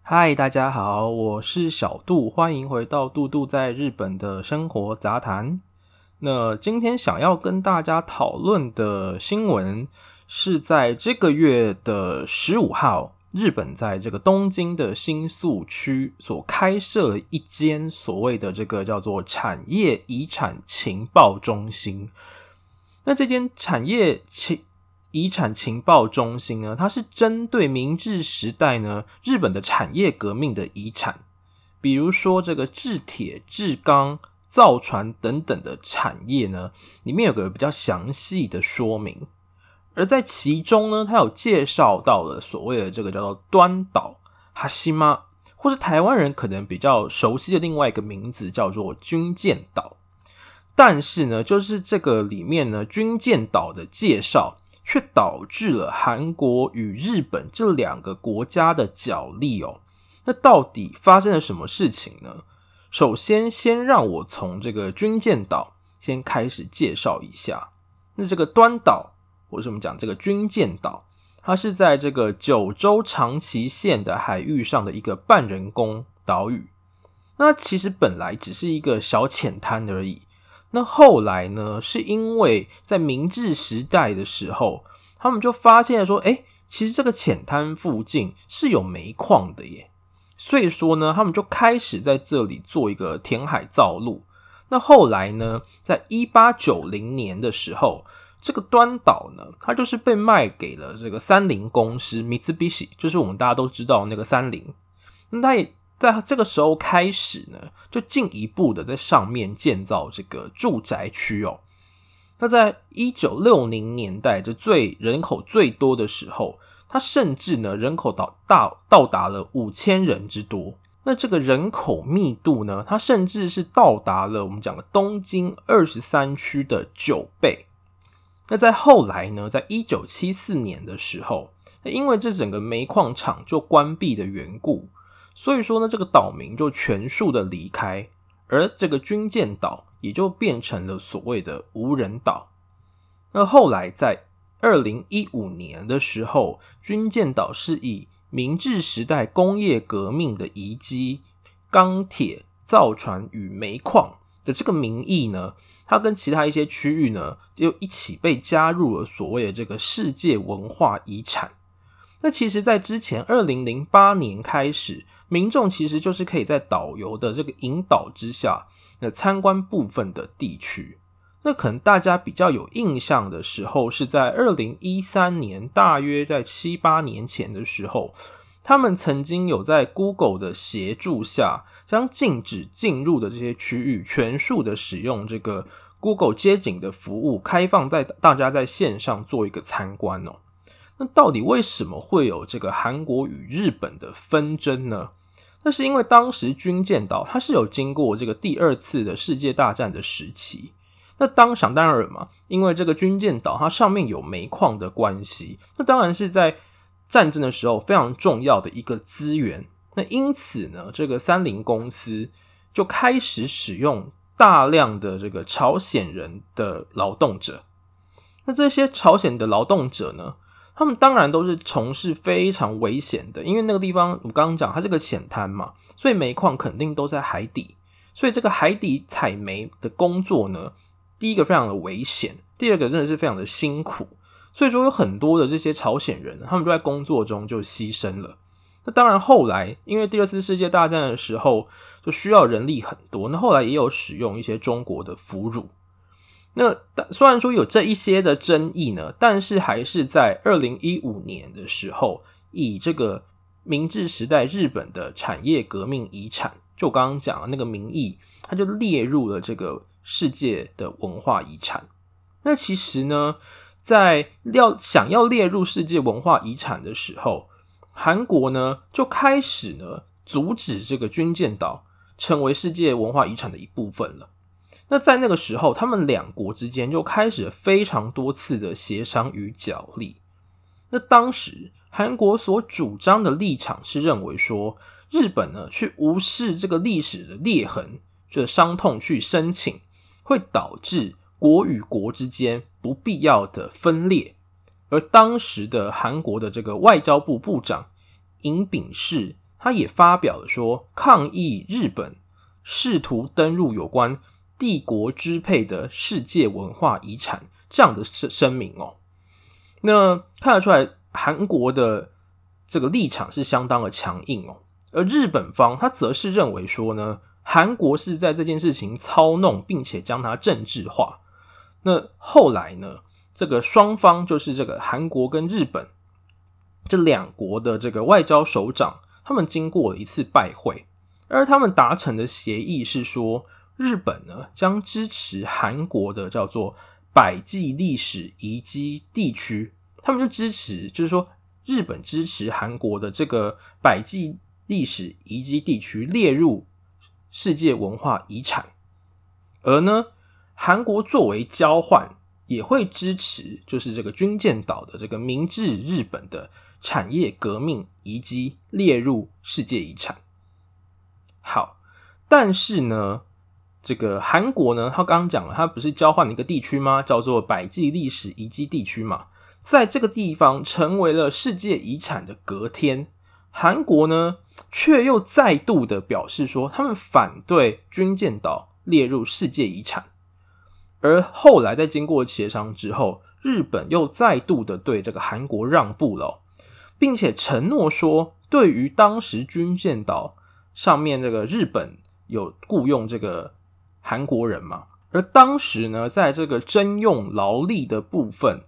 嗨，Hi, 大家好，我是小杜，歡迎回到《杜杜在日本的生活雜談》。那今天想要跟大家討論的新聞，是在這個月的十五號。日本在這個東京的新宿區所開設了一間所謂的這個叫做產業遺產情報中心。那這間產業情遺產情報中心呢，它是針對明治時代呢，日本的產業革命的遺產，比如說這個製鐵、製鋼、造船等等的產業呢，裡面有個比較詳細的說明。而在其中呢，他有介紹到了所謂的這個叫做端島、哈希瑪，或是台灣人可能比較熟悉的另外一個名字叫做軍艦島。但是呢，就是這個裡面呢，軍艦島的介紹卻導致了韓國與日本這兩個國家的角力哦。那到底發生了什麼事情呢？首先，先讓我從這個軍艦島先開始介紹一下。那這個端島。或是我們講這個軍艦島，它是在這個九州長崎縣的海域上的一個半人工島嶼。那其實本來只是一個小淺灘而已。那後來呢，是因為在明治時代的時候，他們就發現了說，誒、欸，其實這個淺灘附近是有煤礦的耶。所以說呢，他們就開始在這裡做一個填海造陸。那後來呢，在一八九零年的時候。這個端島呢，它就是被賣給了這個三菱公司，Mitsubishi 就是我們大家都知道那個三菱。那它也在這個時候開始呢，就進一步的在上面建造這個住宅區哦。那在一九六零年代就、的最人口最多的時候，它甚至呢人口到到到達了五千人之多。那這個人口密度呢，它甚至是到達了我們講的東京二十三區的九倍。那在後來呢，在一九七四年的時候，因為這整個煤礦廠就關閉的緣故，所以說呢，這個島民就全數的離開，而這個軍艦島也就變成了所謂的無人島。那後來在二零一五年的時候，軍艦島是以明治時代工業革命的遺跡、鋼鐵、造船與煤礦的這個名義呢，它跟其他一些區域呢，就一起被加入了所謂的這個世界文化遺產。那其實，在之前二零零八年開始，民眾其實就是可以在導遊的這個引導之下，那參觀部分的地區。那可能大家比較有印象的時候，是在二零一三年，大約在七八年前的時候。他們曾經有在 Google 的協助下，將禁止進入的這些區域，全數的使用這個 Google 街景的服務，開放在大家在線上做一個參觀哦。那到底為什麼會有這個韓國與日本的紛爭呢？那是因為當時軍艦島它是有經過這個第二次的世界大戰的時期。那當想當然了嘛，因為這個軍艦島它上面有煤礦的關係，那當然是在。戰爭的時候非常重要的一個資源，那因此呢，這個三菱公司就開始使用大量的這個朝鮮人的勞動者。那這些朝鮮的勞動者呢，他們當然都是從事非常危險的，因為那個地方我剛剛講它是個淺灘嘛，所以煤礦肯定都在海底，所以這個海底採煤的工作呢，第一個非常的危險，第二個真的是非常的辛苦。所以說有很多的這些朝鮮人，他們都在工作中就犧牲了。那當然，後來因為第二次世界大戰的時候就需要人力很多，那後來也有使用一些中國的俘虜。那但雖然說有這一些的爭議呢，但是還是在二零一五年的時候，以這個明治時代日本的產業革命遺產，就我剛剛講的那個名義，它就列入了這個世界的文化遺產。那其實呢，在要想要列入世界文化遺產的時候，韓國呢就開始呢阻止這個軍艦島成為世界文化遺產的一部分了。那在那個時候，他們兩國之間就開始了非常多次的協商與角力。那當時韓國所主張的立場是認為說，日本呢去無視這個歷史的裂痕、這傷痛去申請，會導致國與國之間不必要的分裂，而當時的韓國的這個外交部部長尹炳世，他也發表了說，抗議日本試圖登入有關帝國支配的世界文化遺產這樣的聲聲明哦。那看得出來，韓國的這個立場是相當的強硬哦。而日本方他則是認為說呢，韓國是在這件事情操弄，並且將它政治化。那後來呢，這個雙方，就是這個韓國跟日本這兩國的這個外交首長，他們經過了一次拜會，而他們達成的協議是說，日本呢將支持韓國的叫做百濟歷史遺跡地區，他們就支持，就是說日本支持韓國的這個百濟歷史遺跡地區列入世界文化遺產，而呢。韓國作為交換，也會支持，就是這個軍艦島的這個明治日本的產業革命遺跡列入世界遺產。好，但是呢，這個韓國呢，他剛剛講了，他不是交換了一個地區嗎？叫做百濟歷史遺跡地區嘛，在這個地方成為了世界遺產的隔天，韓國呢卻又再度的表示說，他們反對軍艦島列入世界遺產。而後來，在經過協商之後，日本又再度的對這個韓國讓步了，並且承諾說，對於當時軍艦島上面這個日本有僱傭這個韓國人嘛。而當時呢，在這個徵用勞力的部分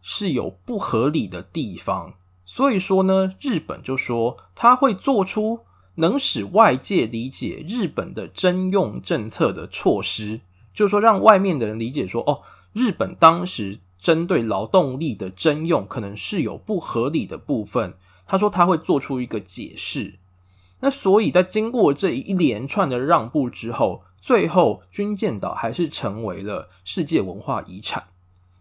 是有不合理的地方，所以說呢，日本就說他會做出能使外界理解日本的徵用政策的措施。就是說，讓外面的人理解說，哦，日本當時針對勞動力的徵用，可能是有不合理的部分。他說他會做出一個解釋。那所以在經過這一連串的讓步之後，最後軍艦島還是成為了世界文化遺產。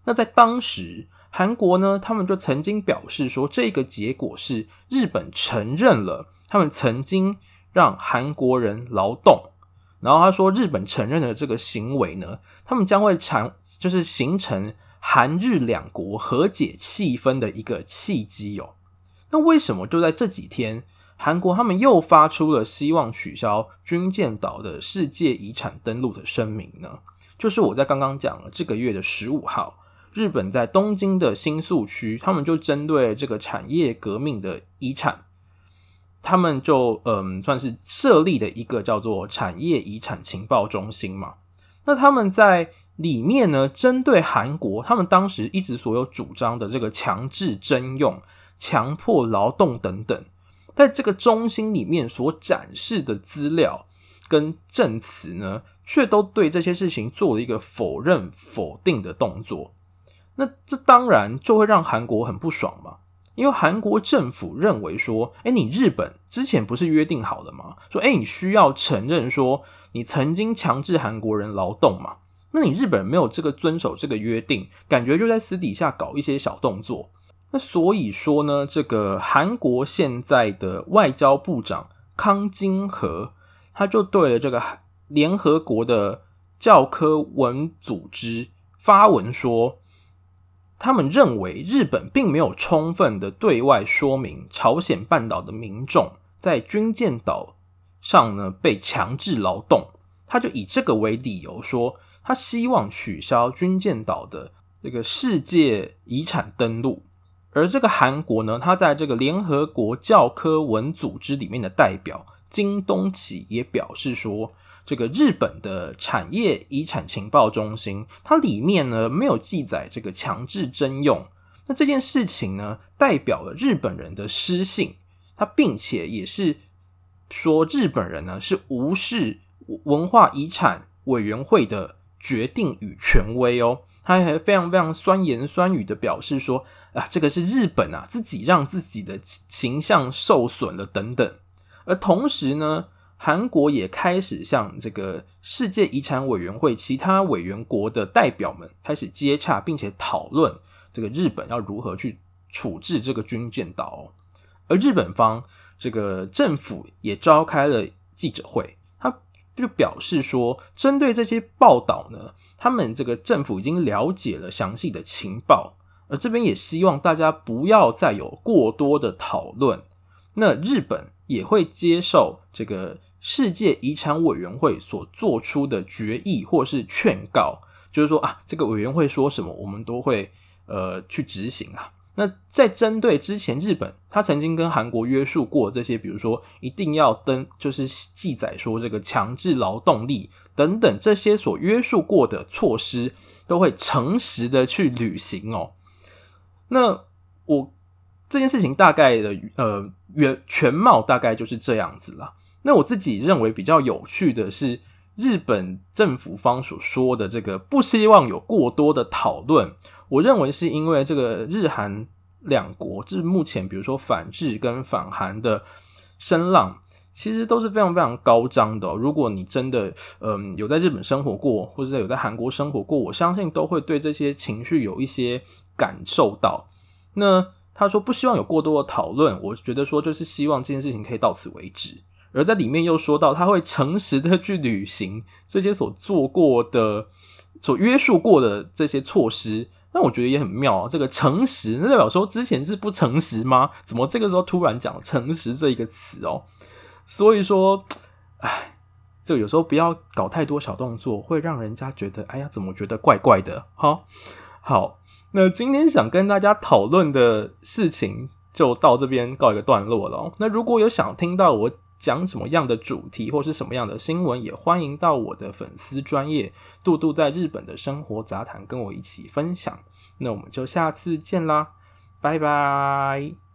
那在當時韓國呢，他們就曾經表示說，這個結果是日本承認了他們曾經讓韓國人勞動。然後他說，日本承認的這個行為呢，他們將會產就是形成韓日兩國和解氣氛的一個契機哦。那為什麼就在這幾天，韓國他們又發出了希望取消軍艦島的世界遺產登錄的聲明呢？就是我在剛剛講了，這個月的十五號，日本在東京的新宿區，他們就針對這個產業革命的遺產。他們就嗯，算是設立的一個叫做產業遺產情報中心嘛。那他們在裡面呢，針對韓國他們當時一直所有主張的這個強制徵用、強迫勞動等等，在這個中心裡面所展示的資料跟證詞呢，卻都對這些事情做了一個否認、否定的動作。那這當然就會讓韓國很不爽嘛。因為韓國政府認為說，哎，你日本之前不是約定好了嗎？說，哎，你需要承認說你曾經強制韓國人勞動嘛？那你日本沒有這個遵守這個約定，感覺就在私底下搞一些小動作。那所以說呢，這個韓國現在的外交部長康京和，他就對了這個聯合國的教科文組織發文說。他們認為日本並沒有充分的對外說明朝鮮半島的民眾在軍艦島上呢被強制勞動，他就以這個為理由說，他希望取消軍艦島的這個世界遺產登錄，而這個韓國呢，他在這個聯合國教科文組織裡面的代表金東起也表示說。這個日本的產業遺產情報中心，它裡面呢沒有記載這個強制徵用，那這件事情呢代表了日本人的失信，他並且也是說日本人呢是無視文化遺產委員會的決定與權威哦，他還非常非常酸言酸語的表示說啊，這個是日本啊自己讓自己的形象受損了等等，而同時呢。韓國也開始向這個世界遺產委員會其他委員國的代表們開始接洽，並且討論這個日本要如何去處置這個軍艦島。而日本方這個政府也召開了記者會，他就表示說，針對這些報道呢，他們這個政府已經了解了詳細的情報，而這邊也希望大家不要再有過多的討論。那日本也會接受這個。世界遺產委員會所做出的決議或是勸告，就是說啊，這個委員會說什麼，我們都會呃去執行啊。那在針對之前，日本他曾經跟韓國約束過這些，比如說一定要登，就是記載說這個強制勞動力等等這些所約束過的措施，都會誠實的去履行哦。那我這件事情大概的呃原全貌大概就是這樣子啦。那我自己認為比較有趣的是，日本政府方所說的這個不希望有過多的討論，我認為是因為這個日韓兩國，就是目前比如說反日跟反韓的聲浪，其實都是非常非常高漲的喔。如果你真的嗯有在日本生活過，或者有在韓國生活過，我相信都會對這些情緒有一些感受到。那他說不希望有過多的討論，我覺得說就是希望這件事情可以到此為止。而在裡面又說到他會誠實的去履行這些所做過的、所約束過的這些措施，那我覺得也很妙啊。這個誠實，那代表說之前是不誠實嗎？怎麼這個時候突然講誠實這一個詞哦？所以說，哎，這個有時候不要搞太多小動作，會讓人家覺得，哎呀，怎麼覺得怪怪的？好，好，那今天想跟大家討論的事情就到這邊告一個段落了。那如果有想聽到我。講什麼樣的主題或是什麼樣的新聞，也歡迎到我的粉絲專頁，杜杜在日本的生活雜談跟我一起分享。那我們就下次見啦，拜拜。